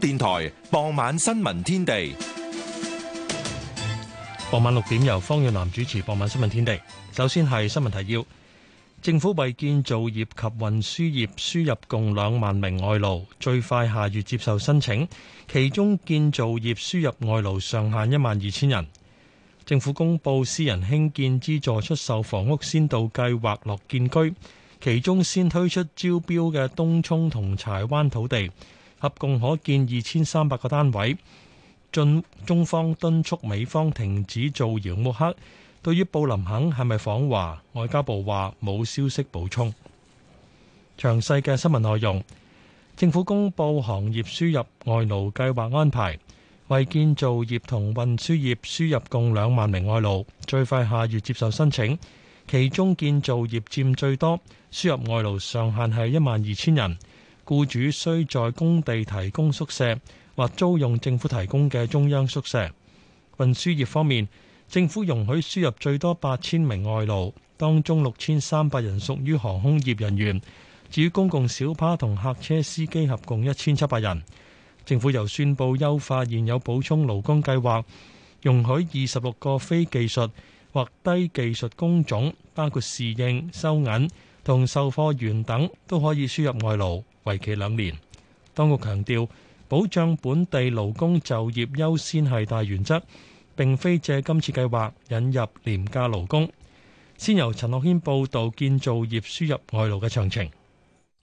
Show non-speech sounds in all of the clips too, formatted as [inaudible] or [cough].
電台傍晚新聞天地，傍晚六點由方耀南主持。傍晚新聞天地，首先係新聞提要。政府為建造業及運輸業輸入共兩萬名外勞，最快下月接受申請。其中建造業輸入外勞上限一萬二千人。政府公布私人興建資助出售房屋先導計劃樂建居，其中先推出招標嘅東涌同柴灣土地。合共可建二千三百個單位。進中方敦促美方停止造謠抹黑。對於布林肯係咪訪華，外交部話冇消息補充。詳細嘅新聞內容，政府公布行業輸入外勞計劃安排，為建造業同運輸業輸入共兩萬名外勞，最快下月接受申請。其中建造業佔最多，輸入外勞上限係一萬二千人。僱主需在工地提供宿舍或租用政府提供嘅中央宿舍。運輸業方面，政府容許輸入最多八千名外勞，當中六千三百人屬於航空業人員。至於公共小巴同客車司機合共一千七百人。政府又宣佈優化現有補充勞工計劃，容許二十六個非技術或低技術工種，包括侍應、收銀同售貨員等，都可以輸入外勞。為期兩年，當局強調保障本地勞工就業優先係大原則，並非借今次計劃引入廉價勞工。先由陳樂軒報道建造業輸入外勞嘅詳情。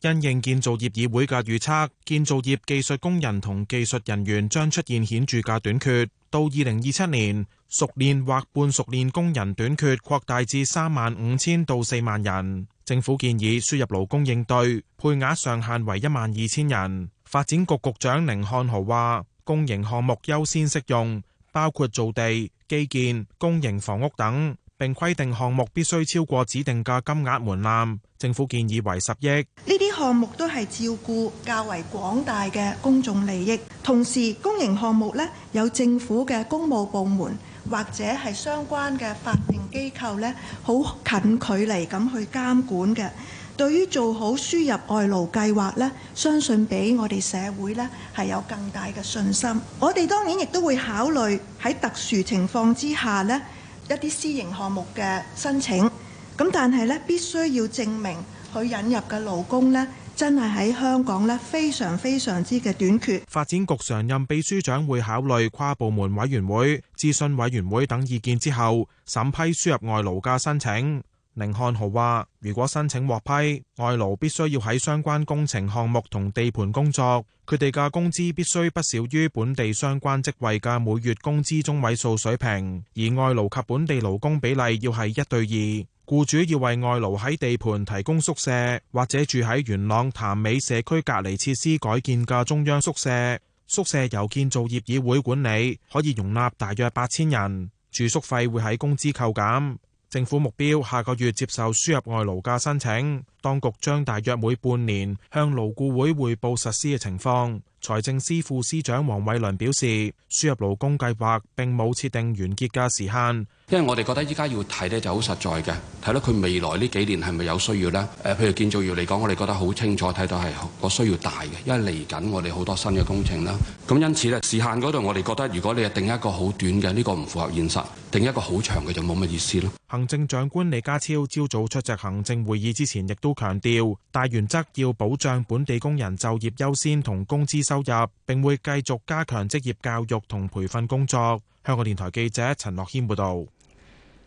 因應建造業議會嘅預測，建造業技術工人同技術人員將出現顯著嘅短缺，到二零二七年，熟練或半熟練工人短缺擴大至三萬五千到四萬人。政府建議輸入勞工應對配額上限為一萬二千人。發展局局長寧漢豪話：公營項目優先適用，包括造地、基建、公營房屋等，並規定項目必須超過指定嘅金額門檻。政府建議為十億。呢啲項目都係照顧較為廣大嘅公眾利益，同時公營項目呢有政府嘅公務部門或者係相關嘅法機構咧好近距離咁去監管嘅，對於做好輸入外勞計劃咧，相信俾我哋社會咧係有更大嘅信心。我哋當然亦都會考慮喺特殊情況之下咧一啲私營項目嘅申請，咁但係咧必須要證明佢引入嘅勞工咧。真係喺香港呢非常非常之嘅短缺。發展局常任秘書長會考慮跨部門委員會、諮詢委員會等意見之後，審批輸入外勞嘅申請。寧漢豪話，如果申請獲批，外勞必須要喺相關工程項目同地盤工作，佢哋嘅工資必須不少於本地相關職位嘅每月工資中位數水平，而外勞及本地勞工比例要係一對二。僱主要為外勞喺地盤提供宿舍，或者住喺元朗潭尾社區隔離設施改建嘅中央宿舍。宿舍由建造業議會管理，可以容納大約八千人。住宿費會喺工資扣減。政府目標下個月接受輸入外勞嘅申請。當局將大約每半年向勞顧會匯報實施嘅情況。財政司副司長黃偉綸表示，輸入勞工計劃並冇設定完結嘅時限。因為我哋覺得依家要睇呢就好實在嘅，睇到佢未來呢幾年係咪有需要呢？譬如建造業嚟講，我哋覺得好清楚，睇到係個需要大嘅，因為嚟緊我哋好多新嘅工程啦。咁因此咧，時限嗰度我哋覺得如果你係定一個好短嘅，呢個唔符合現實；定一個好長嘅就冇乜意思咯。行政長官李家超朝早出席行政會議之前，亦都。強調大原則要保障本地工人就業優先同工資收入，並會繼續加強職業教育同培訓工作。香港電台記者陳樂謙報道。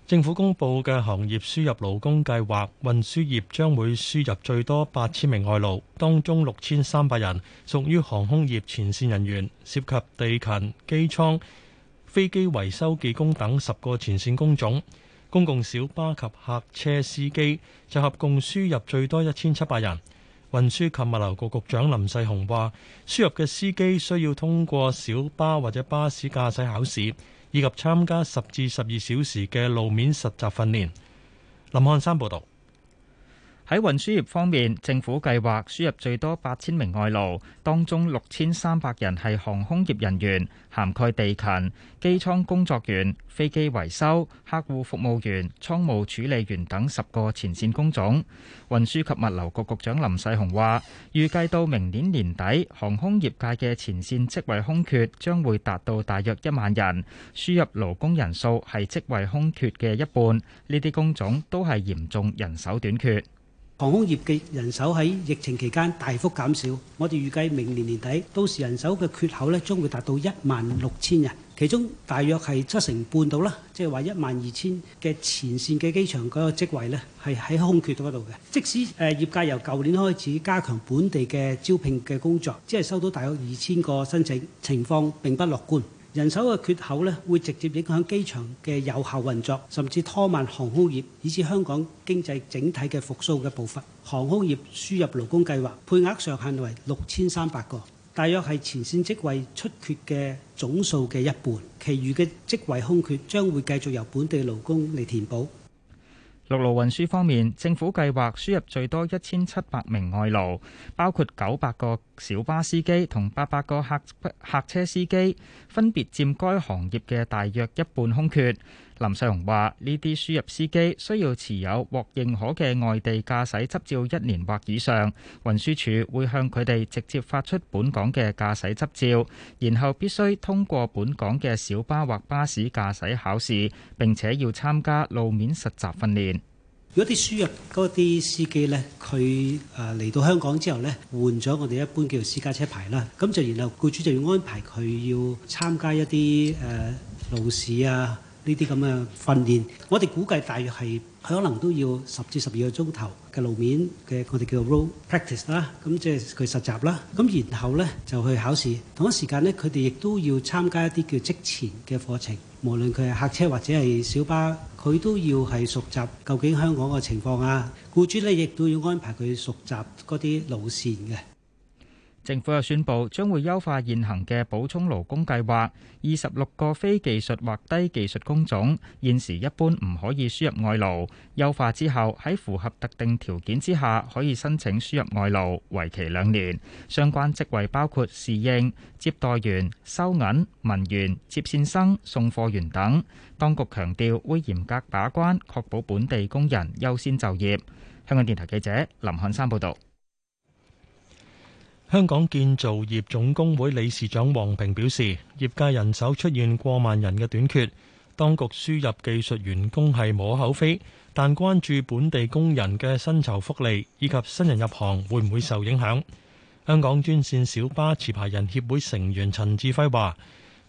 政府公布嘅行業輸入勞工計劃，運輸業將會輸入最多八千名外勞，當中六千三百人屬於航空業前線人員，涉及地勤、機艙、飛機維修技工等十個前線工種。公共小巴及客車司機就合共輸入最多一千七百人。運輸及物流局局長林世雄話，輸入嘅司機需要通過小巴或者巴士駕駛考試，以及參加十至十二小時嘅路面實習訓練。林漢山報道。喺運輸業方面，政府計劃輸入最多八千名外勞，當中六千三百人係航空業人員，涵蓋地勤、機艙工作員、飛機維修、客戶服務員、倉務處理員等十個前線工種。運輸及物流局局長林世雄話，預計到明年年底，航空業界嘅前線職位空缺將會達到大約一萬人，輸入勞工人數係職位空缺嘅一半。呢啲工種都係嚴重人手短缺。航空業嘅人手喺疫情期間大幅減少，我哋預計明年年底，到時人手嘅缺口咧將會達到一萬六千人，其中大約係七成半度啦，即係話一萬二千嘅前線嘅機場嗰個職位咧，係喺空缺度嘅。即使誒業界由舊年開始加強本地嘅招聘嘅工作，只係收到大約二千個申請，情況並不樂觀。人手嘅缺口呢，會直接影響機場嘅有效運作，甚至拖慢航空業，以至香港經濟整體嘅復甦嘅步伐。航空業輸入勞工計劃配額上限為六千三百個，大約係前線職位出缺嘅總數嘅一半，其餘嘅職位空缺將會繼續由本地勞工嚟填補。道路運輸方面，政府計劃輸入最多一千七百名外勞，包括九百個小巴司機同八百個客客車司機，分別佔該行業嘅大約一半空缺。林世雄話：呢啲輸入司機需要持有獲認可嘅外地駕駛執照一年或以上，運輸署會向佢哋直接發出本港嘅駕駛執照，然後必須通過本港嘅小巴或巴士駕駛考試，並且要參加路面實習訓練。如果啲輸入嗰啲司機呢，佢誒嚟到香港之後呢，換咗我哋一般叫私家車牌啦，咁就然後僱主就要安排佢要參加一啲誒、呃、路試啊。呢啲咁嘅訓練，我哋估計大約係可能都要十至十二個鐘頭嘅路面嘅，我哋叫做 road practice 啦。咁即係佢實習啦。咁然後呢，就去考試。同一時間呢，佢哋亦都要參加一啲叫職前嘅課程。無論佢係客車或者係小巴，佢都要係熟習究竟香港嘅情況啊。僱主呢亦都要安排佢熟習嗰啲路線嘅。政府又宣布，將會優化現行嘅補充勞工計劃，二十六個非技術或低技術工種，現時一般唔可以輸入外勞，優化之後喺符合特定條件之下，可以申請輸入外勞，為期兩年。相關職位包括侍應、接待員、收銀、文員、接線生、送貨員等。當局強調會嚴格把關，確保本地工人優先就業，香港電台記者林漢山報道。香港建造業總工會理事長黃平表示，業界人手出現過萬人嘅短缺，當局輸入技術員工係無可非，但關注本地工人嘅薪酬福利以及新人入行會唔會受影響，香港專線小巴持牌人協會成員陳志輝話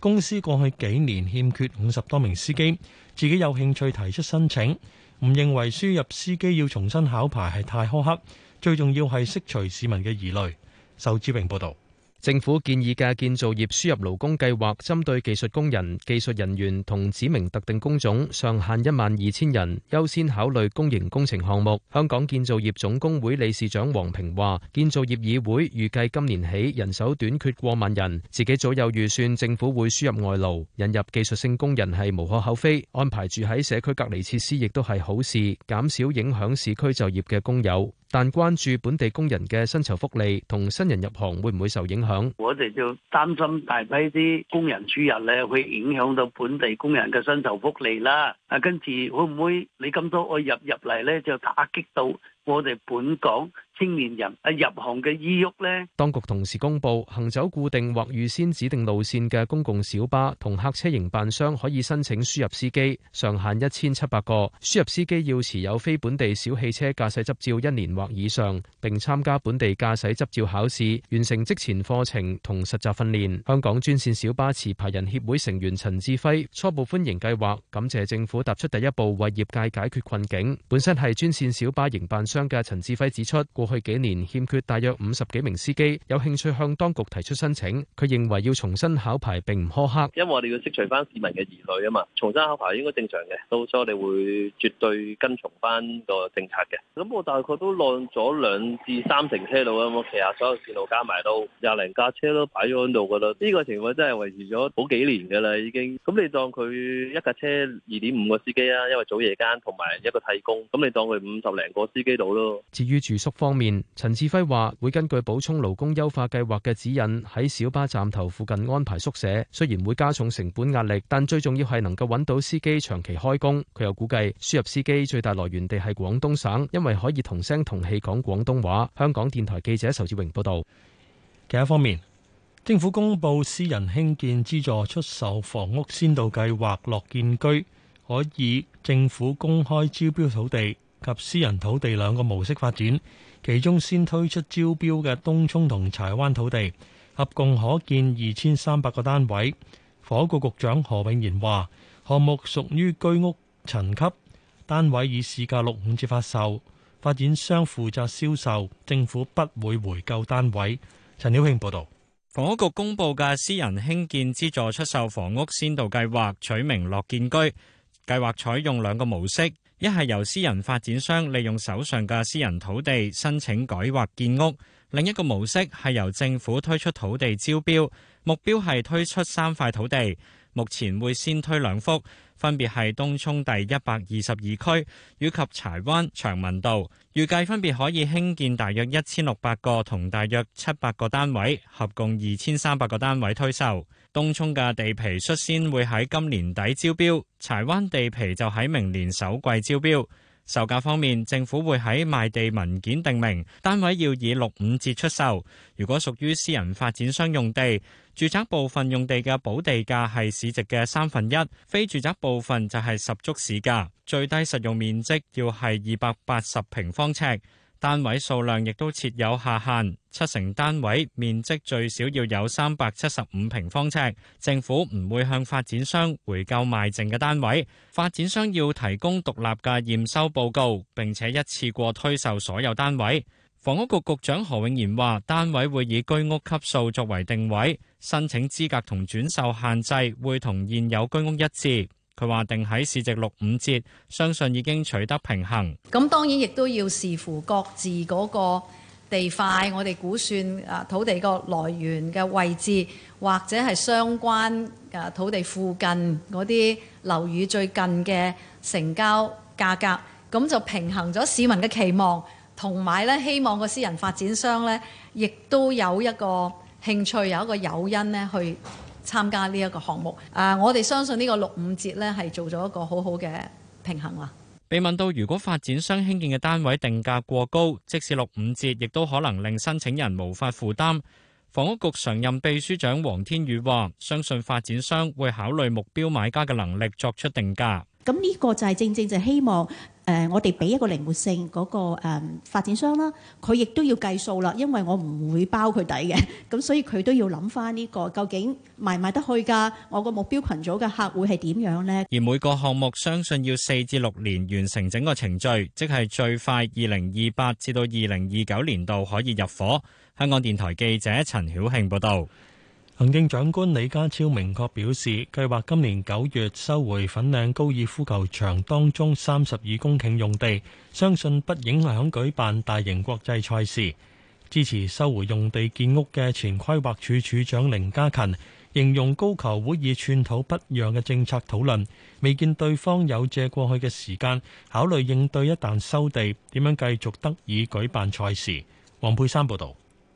公司過去幾年欠缺五十多名司機，自己有興趣提出申請，唔認為輸入司機要重新考牌係太苛刻，最重要係釋除市民嘅疑慮。受志名報道，政府建議嘅建造業輸入勞工計劃，針對技術工人、技術人員同指明特定工種，上限一萬二千人，優先考慮公營工程項目。香港建造業總工會理事長黃平話，建造業議會預計今年起人手短缺過萬人，自己早有預算，政府會輸入外勞，引入技術性工人係無可厚非，安排住喺社區隔離設施亦都係好事，減少影響市區就業嘅工友。但關注本地工人嘅薪酬福利同新人入行會唔會受影響？我哋就擔心大批啲工人輸入咧，會影響到本地工人嘅薪酬福利啦。啊，跟住會唔會你咁多我入入嚟咧，就打擊到我哋本港？青年人啊，入行嘅意欲呢？當局同時公佈，行走固定或預先指定路線嘅公共小巴同客車營辦商可以申請輸入司機，上限一千七百個。輸入司機要持有非本地小汽車駕駛執照一年或以上，並參加本地駕駛執照考試，完成職前課程同實習訓練。香港專線小巴持牌人協會成員陳志輝初步歡迎計劃，感謝政府踏出第一步，為業界解決困境。本身係專線小巴營辦商嘅陳志輝指出。過去幾年欠缺大約五十幾名司機，有興趣向當局提出申請。佢認為要重新考牌並唔苛刻，因為我哋要釋除翻市民嘅疑慮啊嘛。重新考牌應該正常嘅，都所以我哋會絕對跟從翻個政策嘅。咁我大概都浪咗兩至三成車路啊，我旗下所有綫路加埋都廿零架車都擺咗喺度噶啦。呢個情況真係維持咗好幾年噶啦，已經。咁你當佢一架車二點五個司機啊，因為早夜間同埋一個替工，咁你當佢五十零個司機度咯。至於住宿方面陳志輝話：會根據補充勞工優化計劃嘅指引，喺小巴站頭附近安排宿舍。雖然會加重成本壓力，但最重要係能夠揾到司機長期開工。佢又估計輸入司機最大來源地係廣東省，因為可以同聲同氣講廣東話。香港電台記者仇志榮報道。另一方面，政府公布私人興建資助出售房屋先導計劃樂建居，可以政府公開招標土地及私人土地兩個模式發展。其中先推出招標嘅東涌同柴灣土地，合共可建二千三百個單位。房屋局局長何永賢話：項目屬於居屋層級，單位以市價六五折發售，發展商負責銷售，政府不會回購單位。陳曉慶報導。房屋局公布嘅私人興建資助出售房屋先導計劃，取名樂建居，計劃採用兩個模式。一係由私人發展商利用手上嘅私人土地申請改劃建屋，另一個模式係由政府推出土地招標，目標係推出三塊土地。目前會先推兩幅，分別係東涌第一百二十二區以及柴灣長文道，預計分別可以興建大約一千六百個同大約七百個單位，合共二千三百個單位推售。東涌嘅地皮率先會喺今年底招標，柴灣地皮就喺明年首季招標。售價方面，政府會喺賣地文件定明，單位要以六五折出售。如果屬於私人發展商用地，住宅部分用地嘅補地價係市值嘅三分一，非住宅部分就係十足市價。最低實用面積要係二百八十平方尺，單位數量亦都設有下限。七成單位面積最少要有三百七十五平方尺，政府唔會向發展商回購賣剩嘅單位，發展商要提供獨立嘅驗收報告，並且一次過推售所有單位。房屋局局長何永賢話，單位會以居屋級數作為定位，申請資格同轉售限制會同現有居屋一致。佢話定喺市值六五折，相信已經取得平衡。咁當然亦都要視乎各自嗰個地塊，我哋估算啊土地個來源嘅位置，或者係相關啊土地附近嗰啲樓宇最近嘅成交價格，咁就平衡咗市民嘅期望，同埋呢，希望個私人發展商呢，亦都有一個興趣，有一個誘因呢去參加呢一個項目。啊，我哋相信呢個六五折呢，係做咗一個好好嘅平衡啦。被問到如果發展商興建嘅單位定價過高，即使六五折，亦都可能令申請人無法負擔，房屋局常任秘書長黃天宇話：相信發展商會考慮目標買家嘅能力作出定價。咁呢個就係正正就希望。誒，我哋俾一個靈活性嗰個誒發展商啦，佢亦都要計數啦，因為我唔會包佢底嘅，咁所以佢都要諗翻呢個究竟賣唔賣得去㗎？我個目標羣組嘅客戶係點樣呢？而每個項目相信要四至六年完成整個程序，即係最快二零二八至到二零二九年度可以入伙。香港電台記者陳曉慶報道。行政長官李家超明確表示，計劃今年九月收回粉嶺高爾夫球場當中三十二公頃用地，相信不影響舉辦大型國際賽事。支持收回用地建屋嘅前規劃署署,署,署長凌嘉勤，形容高球會以寸土不讓嘅政策討論，未見對方有借過去嘅時間考慮應對，一旦收地點樣繼續得以舉辦賽事。黃佩珊報導。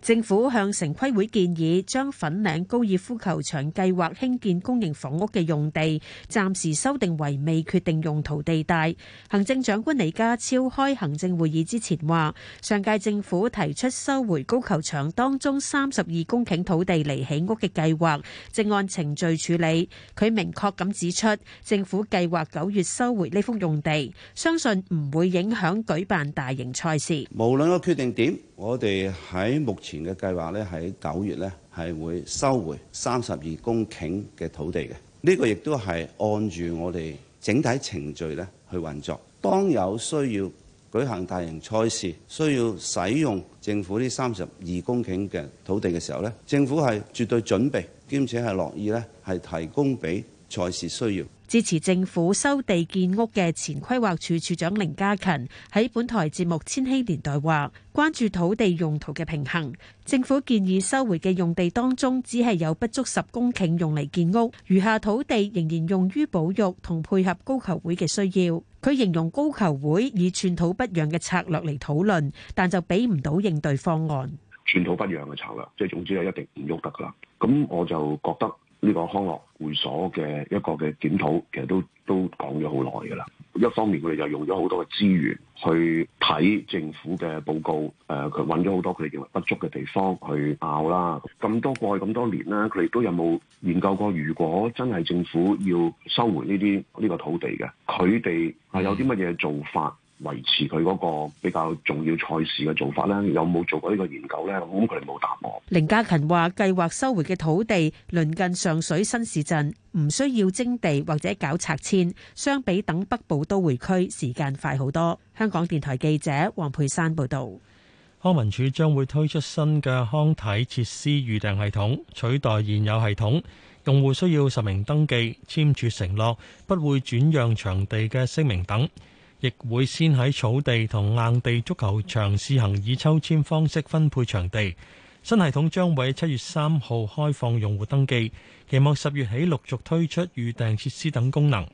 政府向城規會建議，將粉嶺高爾夫球場計劃興建公營房屋嘅用地，暫時修訂為未決定用途地帶。行政長官李家超開行政會議之前話，上屆政府提出收回高球場當中三十二公頃土地嚟起屋嘅計劃，正按程序處理。佢明確咁指出，政府計劃九月收回呢幅用地，相信唔會影響舉辦大型賽事。無論個決定點。我哋喺目前嘅計劃咧，喺九月咧係會收回三十二公頃嘅土地嘅。呢個亦都係按住我哋整體程序咧去運作。當有需要舉行大型賽事，需要使用政府呢三十二公頃嘅土地嘅時候咧，政府係絕對準備，兼且係樂意咧係提供俾。才是需要支持政府收地建屋嘅前規劃署署長凌家勤喺本台節目《千禧年代》話，關注土地用途嘅平衡。政府建議收回嘅用地當中，只係有不足十公頃用嚟建屋，餘下土地仍然用於保育同配合高球會嘅需要。佢形容高球會以寸土不讓嘅策略嚟討論，但就俾唔到應對方案。寸土不讓嘅策略，即係總之就一定唔喐得噶啦。咁我就覺得。呢個康樂會所嘅一個嘅檢討，其實都都講咗好耐㗎啦。一方面，佢哋就用咗好多嘅資源去睇政府嘅報告，誒、呃，佢揾咗好多佢哋認為不足嘅地方去拗啦。咁多過去咁多年啦，佢哋都有冇研究過？如果真係政府要收回呢啲呢個土地嘅，佢哋係有啲乜嘢做法？維持佢嗰個比較重要賽事嘅做法呢，有冇做過呢個研究呢？咁佢冇答我。凌家勤話：計劃收回嘅土地鄰近上水新市鎮，唔需要徵地或者搞拆遷，相比等北部都會區時間快好多。香港電台記者黃佩珊報道。康文署將會推出新嘅康體設施預訂系統，取代現有系統。用戶需要實名登記、簽署承諾，不會轉讓場地嘅聲明等。亦會先喺草地同硬地足球場試行以抽籤方式分配場地。新系統將會喺七月三號開放用戶登記，期望十月起陸續推出預訂設施等功能。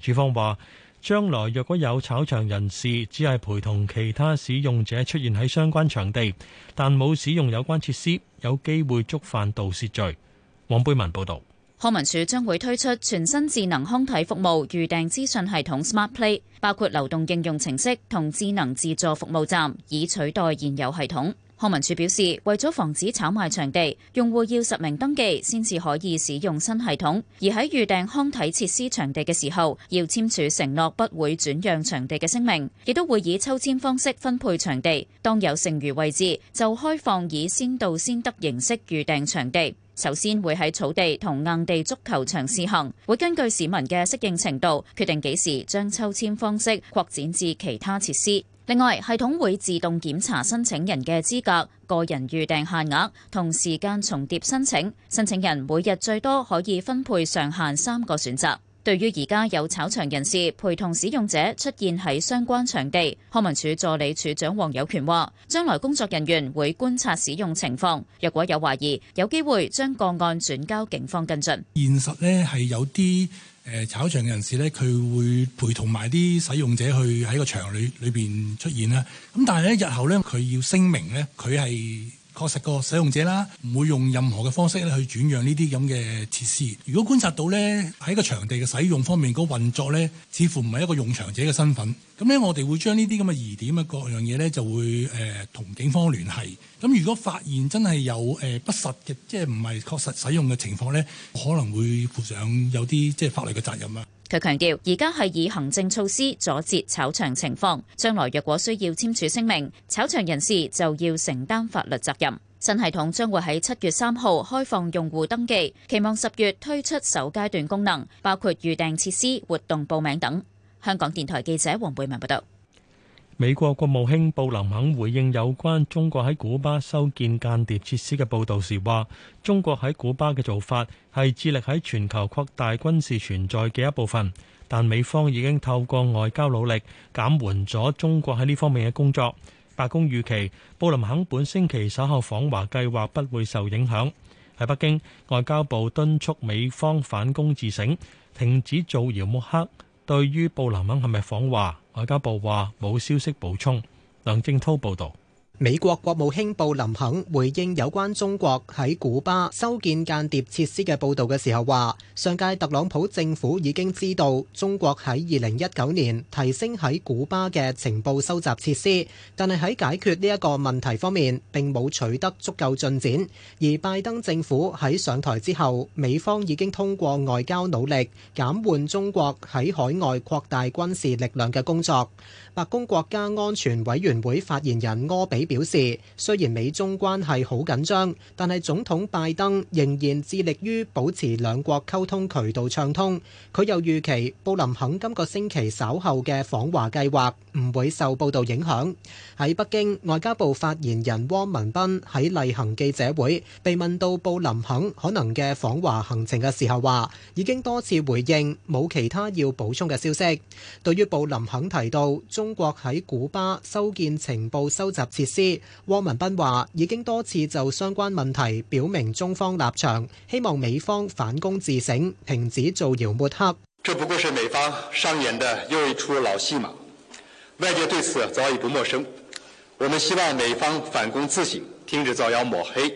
處方話，將來若果有炒場人士，只係陪同其他使用者出現喺相關場地，但冇使用有關設施，有機會觸犯盜竊罪。黃貝文報道。康文署將會推出全新智能康體服務預訂資訊系統 SmartPlay，包括流動應用程式同智能自助服務站，以取代現有系統。康文署表示，為咗防止炒賣場地，用戶要實名登記先至可以使用新系統，而喺預訂康體設施場地嘅時候，要簽署承諾不會轉讓場地嘅聲明，亦都會以抽籤方式分配場地。當有剩餘位置，就開放以先到先得形式預訂場地。首先會喺草地同硬地足球場試行，會根據市民嘅適應程度，決定幾時將抽籤方式擴展至其他設施。另外，系統會自動檢查申請人嘅資格、個人預訂限額同時間重疊申請。申請人每日最多可以分配上限三個選擇。對於而家有炒場人士陪同使用者出現喺相關場地，康文署助理署長黃有權話，將來工作人員會觀察使用情況，若果有懷疑，有機會將個案轉交警方跟進。現實呢係有啲誒炒場人士呢，佢會陪同埋啲使用者去喺個場裏裏邊出現啦。咁但係咧，日後呢，佢要聲明呢，佢係。確實個使用者啦，唔會用任何嘅方式咧去轉讓呢啲咁嘅設施。如果觀察到咧，喺個場地嘅使用方面，個運作咧，似乎唔係一個用場者嘅身份。咁咧，我哋會將呢啲咁嘅疑點啊，各樣嘢咧就會誒同、呃、警方聯繫。咁如果發現真係有誒、呃、不實嘅，即係唔係確實使用嘅情況咧，可能會負上有啲即係法律嘅責任啊。佢強調，而家係以行政措施阻截炒場情況。將來若果需要簽署聲明，炒場人士就要承擔法律責任。新系統將會喺七月三號開放用戶登記，期望十月推出首階段功能，包括預訂設施、活動報名等。香港電台記者黃貝文報道。美國國務卿布林肯回應有關中國喺古巴修建間諜設施嘅報導時話：中國喺古巴嘅做法係致力喺全球擴大軍事存在嘅一部分，但美方已經透過外交努力減緩咗中國喺呢方面嘅工作。白宮預期布林肯本星期稍後訪華計劃不會受影響。喺北京，外交部敦促美方反躬自省，停止造謠抹黑。對於布林肯係咪訪華？外交部話冇消息補充。梁正滔報導。美國國務卿布林肯回應有關中國喺古巴修建間諜設施嘅報道嘅時候話，上屆特朗普政府已經知道中國喺二零一九年提升喺古巴嘅情報收集設施，但係喺解決呢一個問題方面，並冇取得足夠進展。而拜登政府喺上台之後，美方已經通過外交努力減緩中國喺海外擴大軍事力量嘅工作。白宮國家安全委員會發言人柯比。表示雖然美中關係好緊張，但係總統拜登仍然致力於保持兩國溝通渠道暢通。佢又預期布林肯今個星期稍後嘅訪華計劃唔會受報道影響。喺北京，外交部發言人汪文斌喺例行記者會被問到布林肯可能嘅訪華行程嘅時候，話已經多次回應冇其他要補充嘅消息。對於布林肯提到中國喺古巴修建情報收集設施，汪文斌話：已經多次就相關問題表明中方立場，希望美方反躬自省，停止造謠抹黑。這不過是美方上演的又一出老戲碼，外界對此早已不陌生。我們希望美方反躬自省，停止造謠抹黑，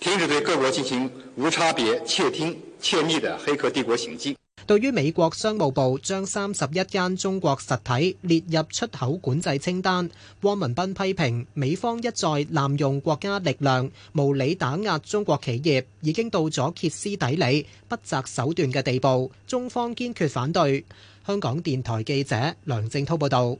停止對各國進行無差別竊聽竊密的黑客帝國行徑。對於美國商務部將三十一間中國實體列入出口管制清單，汪文斌批評美方一再濫用國家力量，無理打壓中國企業，已經到咗歇斯底里、不擇手段嘅地步，中方堅決反對。香港電台記者梁正滔報道。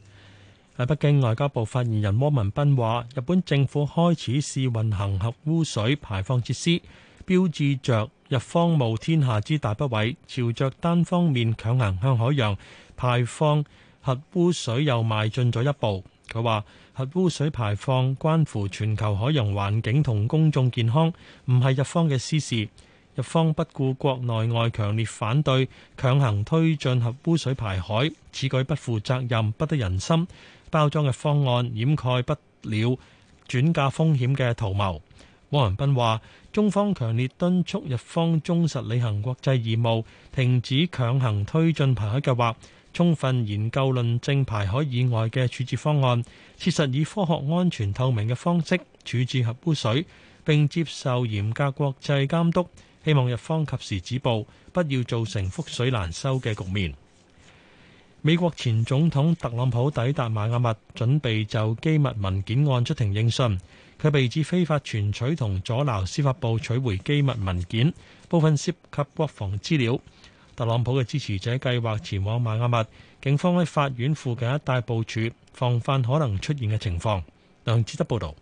喺北京外交部發言人汪文斌話：日本政府開始試運行核污水排放設施，標誌着日方冒天下之大不韙，朝着單方面強行向海洋排放核污水又邁進咗一步。佢話：核污水排放關乎全球海洋環境同公眾健康，唔係日方嘅私事。日方不顧國內外強烈反對，強行推進核污水排海，此舉不負責任，不得人心。包裝嘅方案掩蓋不了轉嫁風險嘅圖謀。汪文斌話：中方強烈敦促日方忠實履行國際義務，停止強行推進排海計劃，充分研究論證排海以外嘅處置方案，切實以科學、安全、透明嘅方式處置核污水，並接受嚴格國際監督。希望日方及時止步，不要造成覆水難收嘅局面。美國前總統特朗普抵達邁阿密，準備就機密文件案出庭應訊。佢被指非法存取同阻撓司法部取回機密文件，部分涉及國防資料。特朗普嘅支持者計劃前往邁阿密，警方喺法院附近一帶部署，防範可能出現嘅情況。梁志德報道：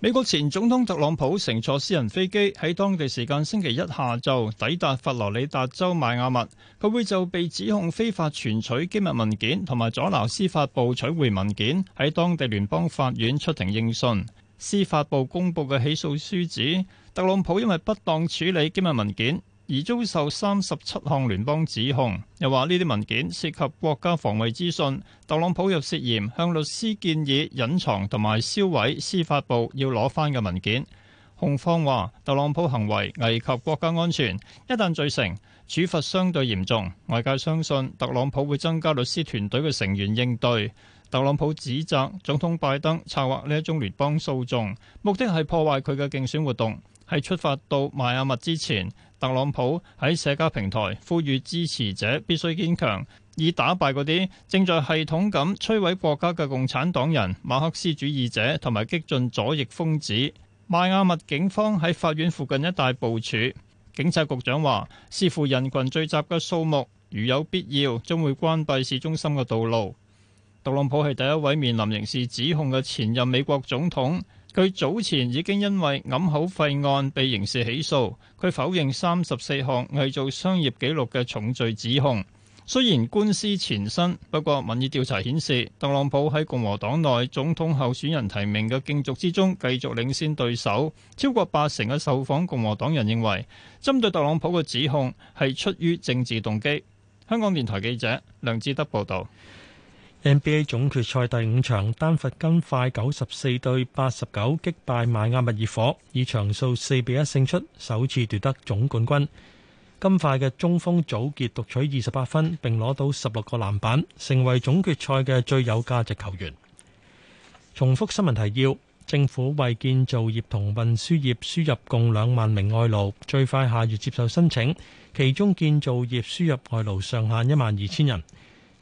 美國前總統特朗普乘坐私人飛機喺當地時間星期一下晝抵達佛羅里達州邁阿密。佢會就被指控非法存取機密文件同埋阻撓司法部取回文件喺當地聯邦法院出庭應訊。司法部公布嘅起訴書指，特朗普因為不當處理機密文件而遭受三十七項聯邦指控。又話呢啲文件涉及國家防衛資訊，特朗普又涉嫌向律師建議隱藏同埋銷毀司法部要攞翻嘅文件。控方話特朗普行為危及國家安全，一旦罪成，處罰相對嚴重。外界相信特朗普會增加律師團隊嘅成員應對。特朗普指責總統拜登策劃呢一宗聯邦訴訟，目的係破壞佢嘅競選活動。喺出發到邁阿密之前，特朗普喺社交平台呼籲支持者必須堅強，以打敗嗰啲正在系統咁摧毀國家嘅共產黨人、馬克思主義者同埋激進左翼瘋子。邁阿密警方喺法院附近一帶部署，警察局長話視乎人群聚集嘅數目，如有必要，將會關閉市中心嘅道路。特朗普係第一位面臨刑事指控嘅前任美國總統。佢早前已經因為掩口費案被刑事起訴。佢否認三十四項偽造商業記錄嘅重罪指控。雖然官司纏身，不過民意調查顯示，特朗普喺共和黨內總統候選人提名嘅競逐之中繼續領先對手。超過八成嘅受訪共和黨人認為，針對特朗普嘅指控係出於政治動機。香港電台記者梁志德報道。NBA 總決賽第五場，丹佛金塊九十四對八十九擊敗邁阿密熱火，以場數四比一勝出，首次奪得總冠軍。金塊嘅中鋒祖杰獨取二十八分，並攞到十六個籃板，成為總決賽嘅最有價值球員。重複新聞提要：政府為建造業同運輸業輸入共兩萬名外勞，最快下月接受申請，其中建造業輸入外勞上限一萬二千人。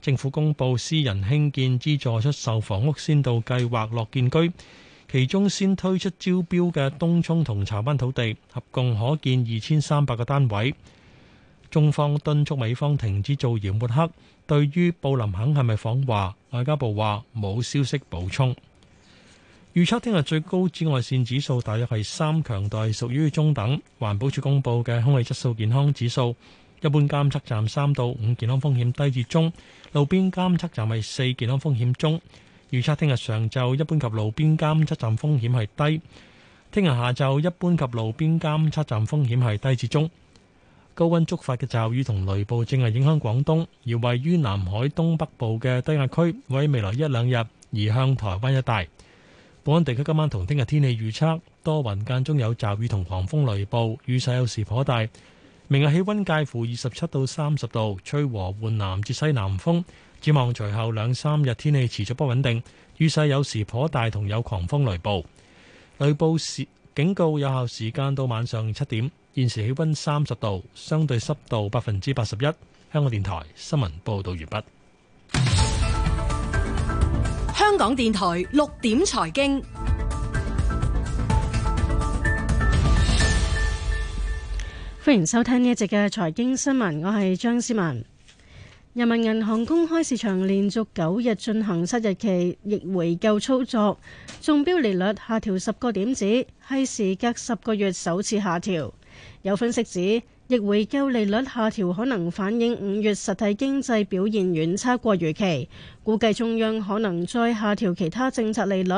政府公布私人興建資助出售房屋先導計劃落建居，其中先推出招標嘅東涌同柴灣土地，合共可建二千三百個單位。中方敦促美方停止造謠抹黑，對於布林肯係咪訪華，外交部話冇消息補充。預測聽日最高紫外線指數大約係三強，但屬於中等。環保署公布嘅空氣質素健康指數。一般監測站三到五，健康風險低至中，路邊監測站係四，健康風險中。預測聽日上晝一般及路邊監測站風險係低，聽日下晝一般及路邊監測站風險係低至中。高溫觸發嘅驟雨同雷暴正係影響廣東，而位於南海東北部嘅低壓區會未來一兩日移向台灣一帶。本港地區今晚同聽日天氣預測，多雲間中有驟雨同狂風雷暴，雨勢有時頗大。明日氣溫介乎二十七到三十度，吹和緩南至西南風。展望隨後兩三日天氣持續不穩定，雨勢有時頗大同有狂風雷暴。雷暴時警告有效時間到晚上七點。現時氣溫三十度，相對濕度百分之八十一。香港電台新聞報道完畢。香港電台六點財經。歡迎收聽呢一節嘅財經新聞，我係張思文。人民銀行公開市場連續九日進行七日期逆回購操作，中標利率下調十個點子，係時隔十個月首次下調。有分析指，逆回購利率下調可能反映五月實體經濟表現遠差過預期，估計中央可能再下調其他政策利率。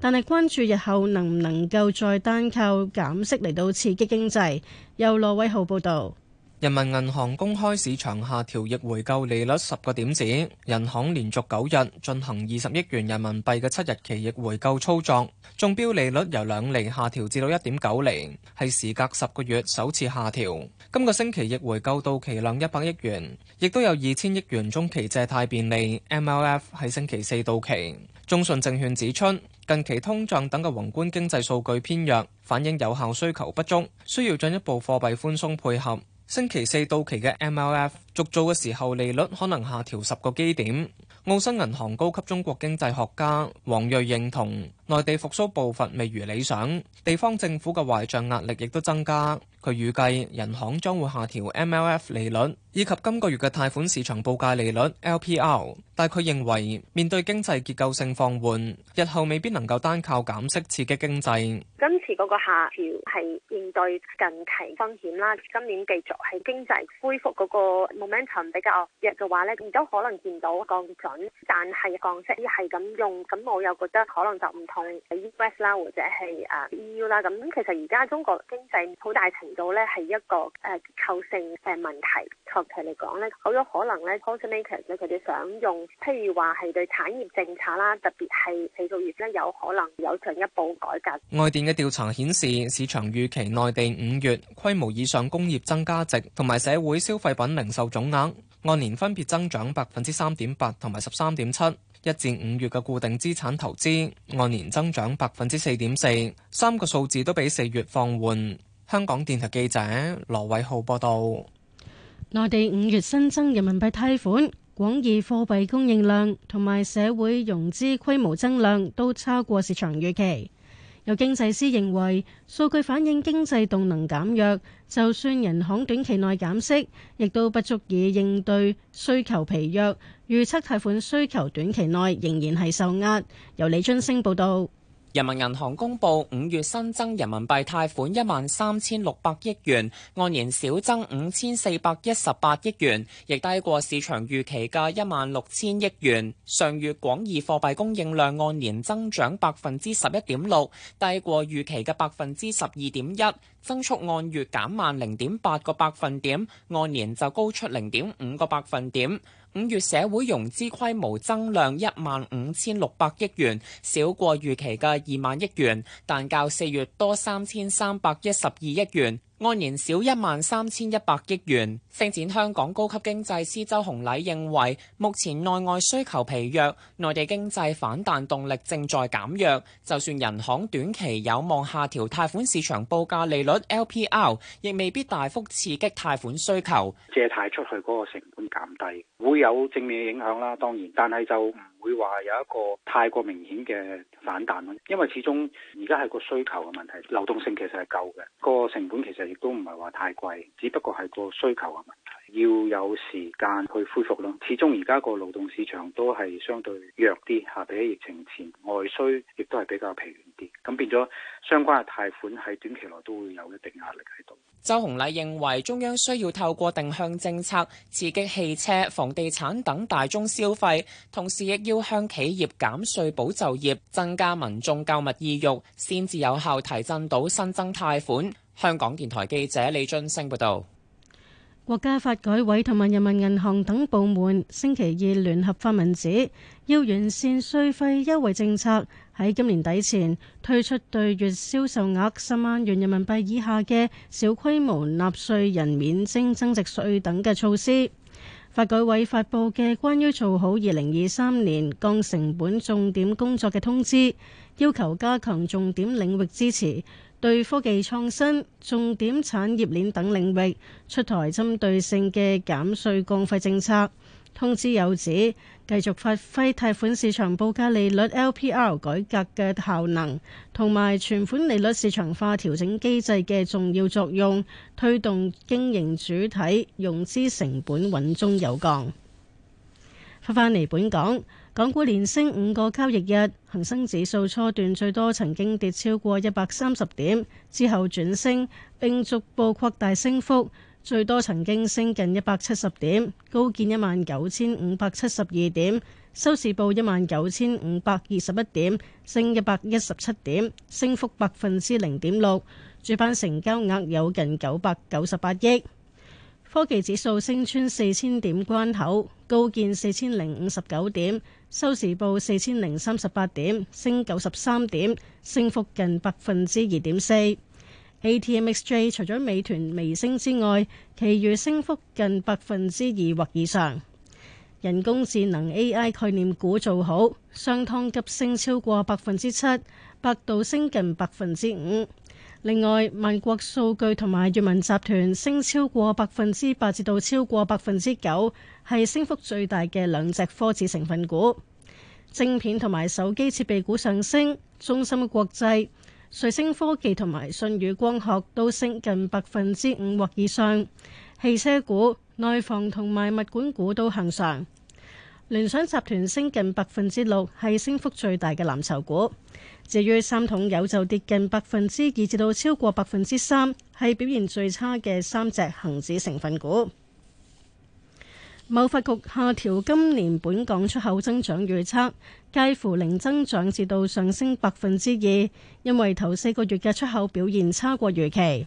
但係，關注日後能唔能夠再單靠減息嚟到刺激經濟。由羅威浩報導，人民銀行公開市場下調逆回購利率十個點子。人行連續九日進行二十億元人民幣嘅七日期逆回購操作，中標利率由兩厘下調至到一點九厘，係時隔十個月首次下調。今個星期逆回購到期量一百億元，亦都有二千億元中期借貸便利 （M L F） 喺星期四到期。中信證券指出，近期通脹等嘅宏觀經濟數據偏弱，反映有效需求不足，需要進一步貨幣寬鬆配合。星期四到期嘅 MLF 續做嘅時候，利率可能下調十個基點。澳新銀行高級中國經濟學家王瑞認同。內地復蘇步伐未如理想，地方政府嘅壞賬壓力亦都增加。佢預計人行將會下調 MLF 利率，以及今個月嘅貸款市場報價利率 LPR，但佢認為面對經濟結構性放緩，日後未必能夠單靠減息刺激經濟。今次嗰個下調係應對近期風險啦，今年繼續係經濟恢復嗰個 momentum 比較弱嘅話呢亦都可能見到降準，但係降息係咁用，咁我又覺得可能就唔同。e 啦，或者係啊 E.U. 啦，咁其實而家中國經濟好大程度咧係一個誒結構性嘅問題。確實嚟講咧，好有可能咧，consumers a 咧佢哋想用，譬如話係對產業政策啦，特別係係數月咧有可能有進一步改革。外電嘅調查顯示，市場預期內地五月規模以上工業增加值同埋社會消費品零售總額按年分別增長百分之三點八同埋十三點七。一至五月嘅固定資產投資按年增長百分之四點四，三個數字都比四月放緩。香港電台記者羅偉浩報道，內地五月新增人民幣貸款、廣義貨幣供應量同埋社會融資規模增量都超過市場預期。有經濟師認為，數據反映經濟動能減弱，就算人行短期內減息，亦都不足以應對需求疲弱，預測貸款需求短期內仍然係受壓。由李津升報導。人民銀行公布五月新增人民幣貸款一萬三千六百億元，按年少增五千四百一十八億元，亦低過市場預期嘅一萬六千億元。上月廣義貨幣供應量按年增長百分之十一點六，低過預期嘅百分之十二點一。增速按月減慢零點八個百分點，按年就高出零點五個百分點，五月社會融資規模增量一萬五千六百億元，少過預期嘅二萬億元，但較四月多三千三百一十二億元。按年少一萬三千一百億元。星展香港高級經濟師周紅禮認為，目前內外需求疲弱，內地經濟反彈動力正在減弱。就算人行短期有望下調貸款市場報價利率 LPR，亦未必大幅刺激貸款需求。借貸出去嗰個成本減低，會有正面影響啦。當然，但係就。會話有一個太過明顯嘅反彈咯，因為始終而家係個需求嘅問題，流動性其實係夠嘅，個成本其實亦都唔係話太貴，只不過係個需求嘅問題，要有時間去恢復咯。始終而家個勞動市場都係相對弱啲吓，比起疫情前外需亦都係比較疲軟啲，咁變咗相關嘅貸款喺短期內都會有一定壓力喺度。周洪麗認為，中央需要透過定向政策刺激汽車、房地產等大宗消費，同時亦要向企業減稅保就業，增加民眾購物意欲，先至有效提振到新增貸款。香港電台記者李俊升報道，國家發改委同埋人民銀行等部門星期二聯合發文指，要完善稅費優惠政策。喺今年底前推出對月銷售額十萬元人民幣以下嘅小規模納稅人免徵增值稅等嘅措施。發改委發布嘅關於做好二零二三年降成本重點工作嘅通知，要求加強重點領域支持，對科技創新、重點產業鏈等領域出台針對性嘅減稅降費政策。通知有指，繼續發揮貸款市場報價利率 （LPR） 改革嘅效能，同埋存款利率市場化調整機制嘅重要作用，推動經營主體融資成本穩中有降。翻返嚟本港，港股連升五個交易日，恒生指數初段最多曾經跌超過一百三十點，之後轉升並逐步擴大升幅。最多曾經升近一百七十點，高見一萬九千五百七十二點，收市報一萬九千五百二十一點，升一百一十七點，升幅百分之零點六。主板成交額有近九百九十八億。科技指數升穿四千點關口，高見四千零五十九點，收市報四千零三十八點，升九十三點，升幅近百分之二點四。A T M X J 除咗美團微升之外，其餘升幅近百分之二或以上。人工智能 A I 概念股做好，商湯急升超過百分之七，百度升近百分之五。另外，萬國數據同埋閱文集團升超過百分之八至到超過百分之九，係升幅最大嘅兩隻科技成分股。晶片同埋手機設備股上升，中芯國際。瑞聲科技同埋信宇光學都升近百分之五或以上，汽車股、內房同埋物管股都向上。聯想集團升近百分之六，係升幅最大嘅藍籌股。至於三桶油就跌近百分之二至到超過百分之三，係表現最差嘅三隻恒指成分股。貿發局下調今年本港出口增長預測，介乎零增長至到上升百分之二，因為頭四個月嘅出口表現差過預期。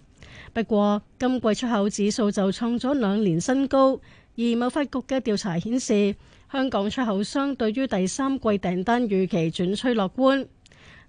不過今季出口指數就創咗兩年新高，而貿發局嘅調查顯示，香港出口商對於第三季訂單預期轉趨樂觀。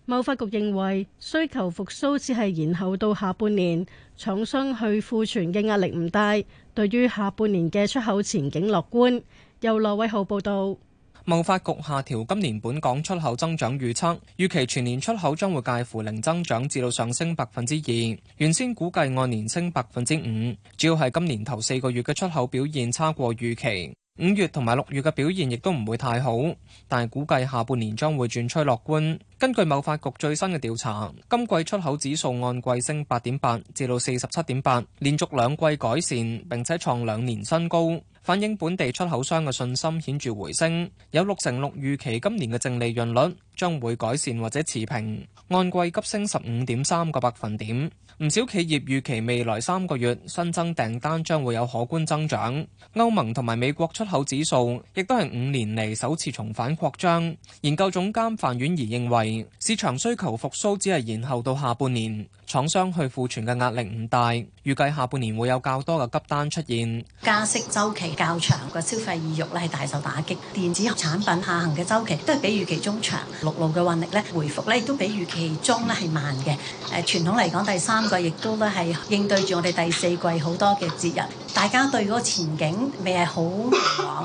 貿發局認為需求復甦只係延後到下半年，廠商去庫存嘅壓力唔大。對於下半年嘅出口前景樂觀，由羅偉浩報道。貿發局下調今年本港出口增長預測，預期全年出口將會介乎零增長至到上升百分之二，原先估計按年升百分之五，主要係今年頭四個月嘅出口表現差過預期。五月同埋六月嘅表現亦都唔會太好，但係估計下半年將會轉趨樂觀。根據貿發局最新嘅調查，今季出口指數按季升八點八至到四十七點八，連續兩季改善，並且創兩年新高，反映本地出口商嘅信心顯著回升，有六成六預期今年嘅淨利潤率，將會改善或者持平，按季急升十五點三個百分點。唔少企業預期未來三個月新增訂單將會有可觀增長。歐盟同埋美國出口指數亦都係五年嚟首次重返擴張。研究總監范婉儀認為，市場需求復蘇只係延後到下半年，廠商去庫存嘅壓力唔大，預計下半年會有較多嘅急單出現。加息周期較長，個消費意欲咧係大受打擊，電子產品下行嘅周期都係比預期中長。陸路嘅運力咧，回復咧亦都比預期中咧係慢嘅。誒、呃、傳統嚟講，第三季亦都咧係應對住我哋第四季好多嘅節日，大家對個前景未係好明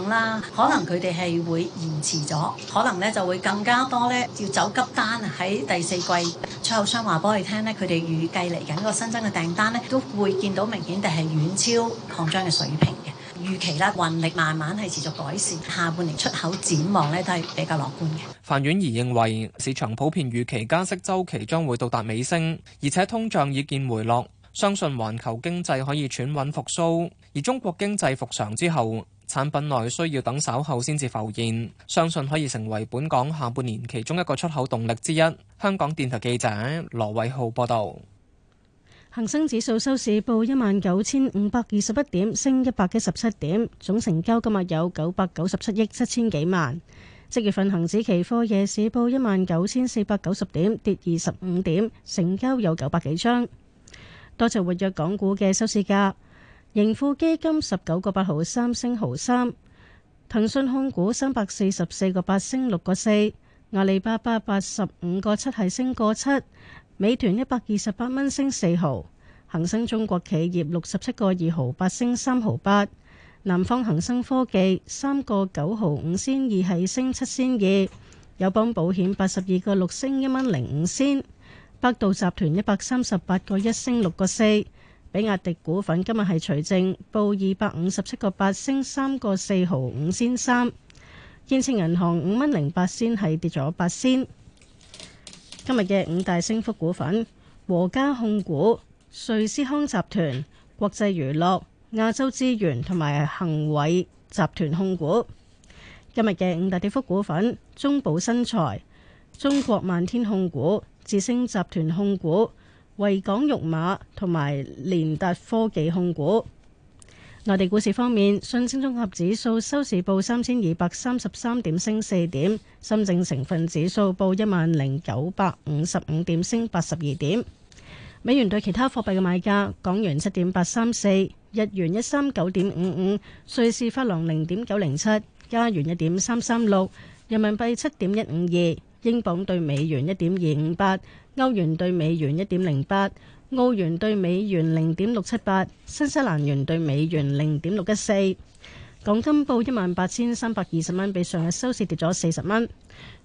朗啦。可能佢哋係會延遲咗，可能咧就會更加多咧要走急單喺第四季，出口商話俾我哋聽咧，佢哋預計嚟緊個新增嘅訂單咧都會見到明顯地係遠超擴張嘅水平嘅。預期啦，運力慢慢係持續改善，下半年出口展望呢都係比較樂觀嘅。范婉儀認為市場普遍預期加息週期將會到達尾聲，而且通脹已見回落，相信環球經濟可以喘穩復甦，而中國經濟復常之後，產品內需要等稍後先至浮現，相信可以成為本港下半年其中一個出口動力之一。香港電台記者羅偉浩報道。恒生指數收市報一萬九千五百二十一點，升一百一十七點，總成交今日有九百九十七億七千幾萬。即月份恒指期貨夜市報一萬九千四百九十點，跌二十五點，成交有九百幾張。多隻活躍港股嘅收市價，盈富基金十九個八毫三升毫三，騰訊控股三百四十四個八升六個四，阿里巴巴八十五個七係升個七。美團一百二十八蚊升四毫，恒生中國企業六十七個二毫八升三毫八，南方恒生科技三個九毫五先二係升七仙二，友邦保險八十二個六升一蚊零五仙，百度集團一百三十八個一升六個四，比亞迪股份今日係除正，報二百五十七個八升三個四毫五先三，建設銀行五蚊零八仙，係跌咗八仙。今日嘅五大升幅股份：和家控股、瑞思康集團、國際娛樂、亞洲資源同埋恒偉集團控股。今日嘅五大跌幅股份：中寶新材、中國漫天控股、智星集團控股、維港玉馬同埋聯達科技控股。內地股市方面，上證綜合指數收市報三千二百三十三點，升四點；深證成分指數報一萬零九百五十五點，升八十二點。美元兌其他貨幣嘅賣價：港元七點八三四，日元一三九點五五，瑞士法郎零點九零七，加元一點三三六，人民幣七點一五二，英鎊兌美元一點二五八，歐元兌美元一點零八。澳元兌美元零點六七八，新西蘭元兌美元零點六一四。港金報一萬八千三百二十蚊，比上日收市跌咗四十蚊。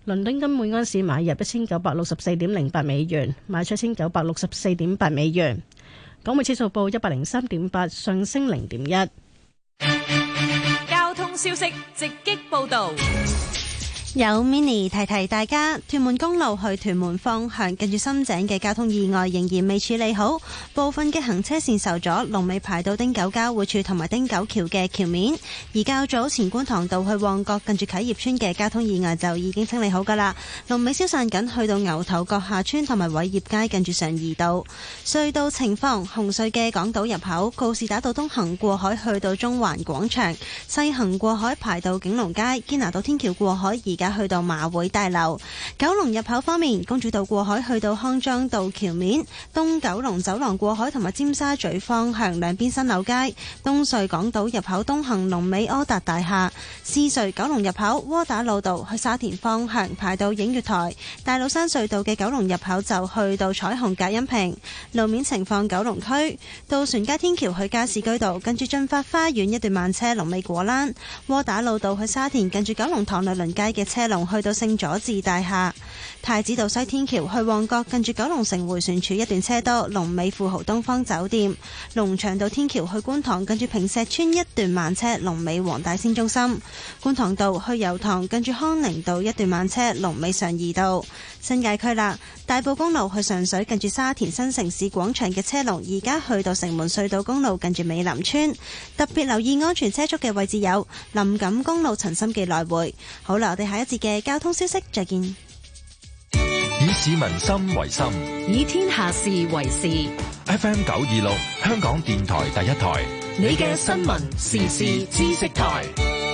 倫敦金每安士買入一千九百六十四點零八美元，賣出一千九百六十四點八美元。港匯指數報一百零三點八，上升零點一。交通消息直擊報道。有 mini 提提大家，屯門公路去屯門方向近住深井嘅交通意外仍然未處理好，部分嘅行車線受阻，龍尾排到丁九交匯處同埋丁九橋嘅橋面。而較早前觀塘道去旺角近住啟業村嘅交通意外就已經清理好噶啦，龍尾消散緊，去到牛頭角下村同埋偉業街近住上二道隧道情況，紅隧嘅港島入口告士打道東行過海去到中環廣場，西行過海排到景隆街堅拿道天橋過海而。也去到馬會大樓。九龍入口方面，公主道過海去到康莊道橋面；東九龍走廊過海同埋尖沙咀方向兩邊新樓街；東隧港島入口東行龍尾柯達大廈；獅隧九龍入口窩打老道去沙田方向排到映月台；大老山隧道嘅九龍入口就去到彩虹隔音屏。路面情況：九龍區渡船街天橋去加士居道，近住駿發花園一段慢車龍尾果欄；窩打老道去沙田近住九龍塘利倫街嘅。車龍去到聖佐治大廈，太子道西天橋去旺角近住九龍城迴旋處一段車多，龍尾富豪東方酒店；龍翔道天橋去觀塘近住平石村一段慢車，龍尾黃大仙中心；觀塘道去油塘近住康寧道一段慢車，龍尾上二道。新界區啦，大埔公路去上水近住沙田新城市廣場嘅車龍，而家去到城門隧道公路近住美林村。特別留意安全車速嘅位置有林錦公路陳心記來回。好啦，我哋喺。一節嘅交通消息，再見。以市民心為心，以天下事為事。FM 九二六，香港電台第一台，你嘅新聞時事知識台。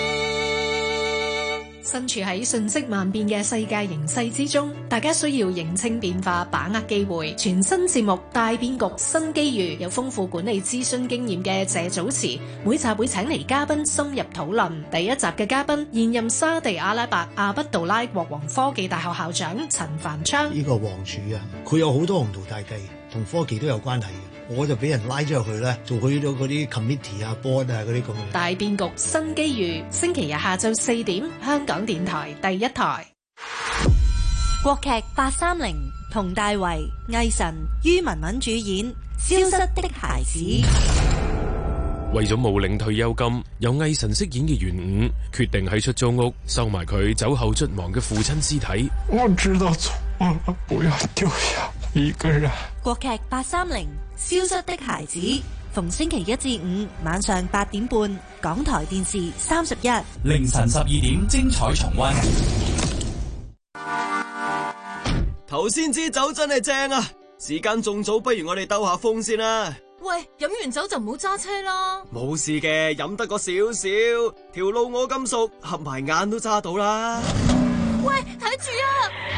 身處喺瞬息萬變嘅世界形勢之中，大家需要認清變化，把握機會。全新節目《大變局新機遇》，有豐富管理諮詢經驗嘅謝祖慈，每集會請嚟嘉賓深入討論。第一集嘅嘉賓，現任沙地阿拉伯阿卜杜拉國王科技大學校長陳繁昌。呢個王儲啊，佢有好多鴻圖大計，同科技都有關係。我就俾人拉咗入去咧，做佢咗嗰啲 committee 啊、board 啊嗰啲咁嘅。大變局，新機遇，星期日下晝四點，香港電台第一台。國劇八三零，佟大為、魏晨、於文文主演《消失的孩子》。 [noise] 為咗冒領退休金，由魏晨飾演嘅袁午決定喺出租屋收埋佢酒後猝亡嘅父親屍體。我知道錯了，不要丟下。而家，國劇八三零《消失的孩子》逢星期一至五晚上八點半，港台電視三十一凌晨十二點精彩重溫。頭先支酒真係正啊！時間仲早，不如我哋兜下風先啦。喂，飲完酒就唔好揸車囉。冇事嘅，飲得個少少，條路我咁熟，合埋眼都揸到啦。喂，睇住啊！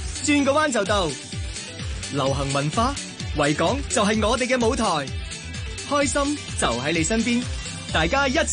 轉個彎就到，流行文化，維港就係我哋嘅舞台，開心就喺你身邊，大家一齊。